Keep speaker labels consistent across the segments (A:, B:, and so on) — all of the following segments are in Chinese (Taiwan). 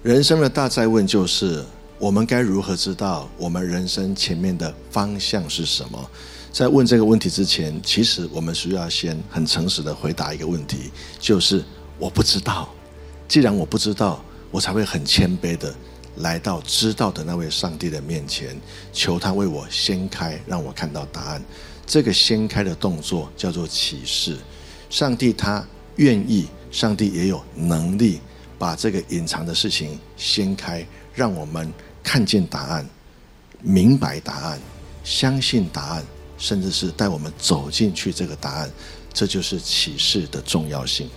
A: 人生的大哉問，就是我們該如何知道我們人生前面的方向是什麼？在問這個問題之前，其實我們需要先很誠實的回答一個問題，就是我不知道。既然我不知道，我才會很謙卑的來到知道的那位上帝的面前，求他為我掀開，讓我看到答案。這個掀開的動作叫做啟示。上帝他願意，上帝也有能力。把這個隱藏的事情掀開，讓我們看見答案，明白答案，相信答案，甚至是帶我們走進去這個答案，這就是啟示的重要性。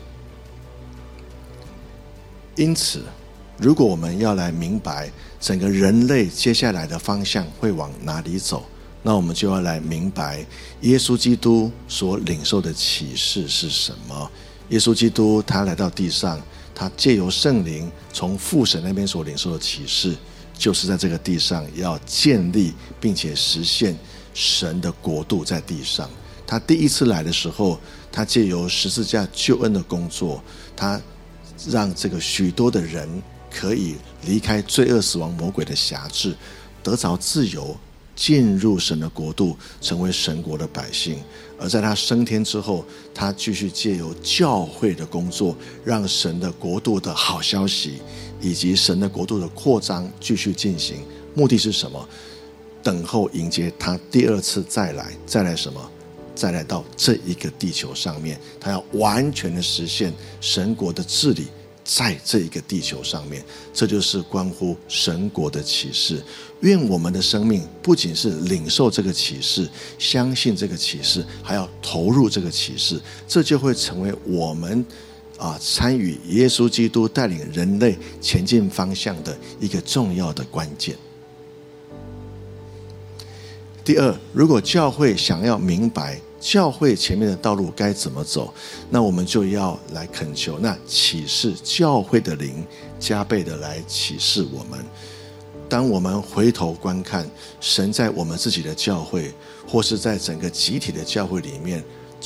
A: 因此，如果我們要來明白整個人類接下來的方向會往哪裡走，那我們就要來明白耶穌基督所領受的啟示是什麼？耶穌基督他來到地上。他借由聖靈從父神那邊所領受的啟示，就是在這個地上要建立並且實現神的國度在地上。他第一次來的時候，他借由十字架救恩的工作，他讓這個許多的人可以離開罪惡、死亡、魔鬼的轄制，得着自由。進入神的國度，成為神國的百姓；而在他升天之後，他繼續借由教會的工作，讓神的國度的好消息以及神的國度的擴張繼續進行。目的是什麼？等候迎接他第二次再來，再來什麼？再來到這一個地球上面，他要完全的實現神國的治理。在這一個地球上面，這就是關乎神國的啟示。願我們的生命不僅是領受這個啟示，相信這個啟示，還要投入這個啟示，這就會成為我們啊參與耶穌基督帶領人類前進方向的一個重要的關鍵。第二，如果教會想要明白教會前面的道路該怎麼走，那我們就要來懇求那啟示教會的靈加倍地來啟示我們。當我們回頭觀看神在我們自己的教會，或是在整個集體的教會裡面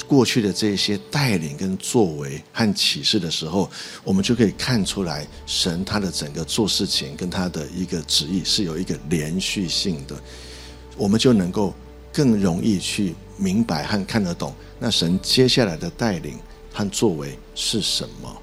A: 過去的這些帶領跟作為和啟示的時候，我們就可以看出來神他的整個做事情跟他的一個旨意是有一個連續性的。我們就能夠更容易去明白和看得懂那神接下來的帶領和作為是什麼。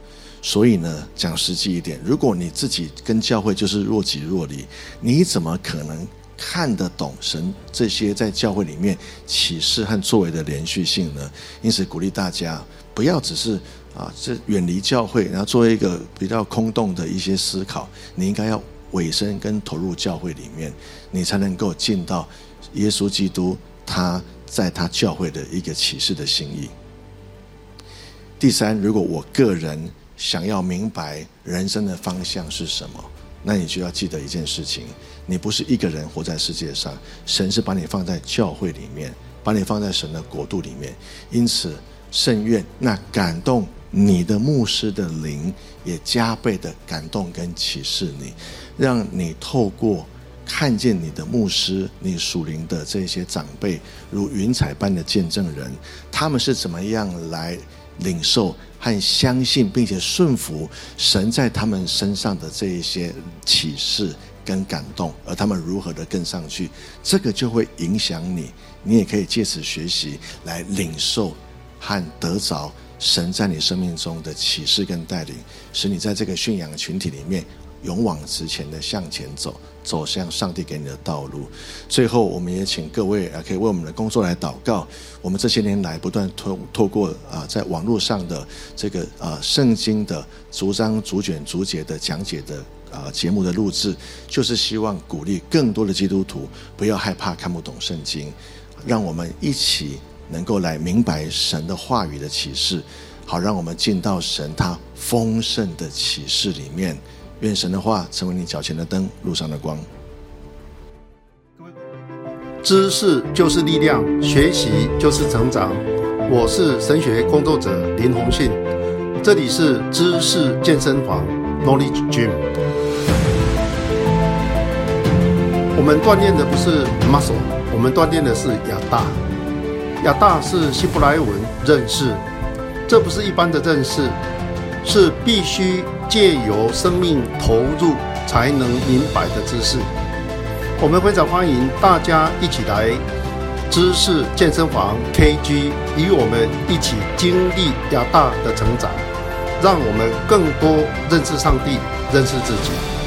A: 所以呢，講實際一點，如果你自己跟教會就是若即若離，你怎麼可能看得懂神這些在教會裡面啟示和作為的連續性呢？因此，鼓勵大家不要只是啊，這遠離教會，然後做一個比較空洞的一些思考。你應該要。委身跟投入教會裡面，你才能夠進到耶穌基督他在他教會的一個啟示的心意。第三，如果我個人想要明白人生的方向是什麼，那你就要記得一件事情：你不是一個人活在世界上，神是把你放在教會裡面，把你放在神的國度裡面。因此，聖願那感動。你的牧師的靈也加倍的感動跟啟示你，讓你透過看見你的牧師、你屬靈的這些長輩，如雲彩般的見證人，他們是怎麼樣來領受和相信，並且順服神在他們身上的這一些啟示跟感動，而他們如何的跟上去，這個就會影響你。你也可以借此學習來領受和得着。神在你生命中的啟示跟帶領，使你在這個馴養群體裡面勇往直前的向前走，走向上帝給你的道路。最後，我們也請各位啊，可以為我們的工作來禱告。我們這些年來不斷透透過啊，在網絡上的這個啊，聖經的逐章逐卷逐節的講解的啊，節目的錄製，就是希望鼓勵更多的基督徒不要害怕看不懂聖經，讓我們一起。能夠來明白神的話語的啟示好，好讓我們進到神他豐盛的啟示裡面。願神的話成為你腳前的燈，路上的光。
B: 知識就是力量，學習就是成長。我是神學工作者林鴻信，這裡是知識健身房 Knowledge Gym。我們鍛鍊的不是 muscle，我們鍛鍊的是養大。亞大是希伯來文認識，這不是一般的認識，是必須借由生命投入才能明白的知識。我們非常歡迎大家一起來知識健身房 KG，與我們一起經歷亞大的成長，讓我們更多認識上帝，認識自己。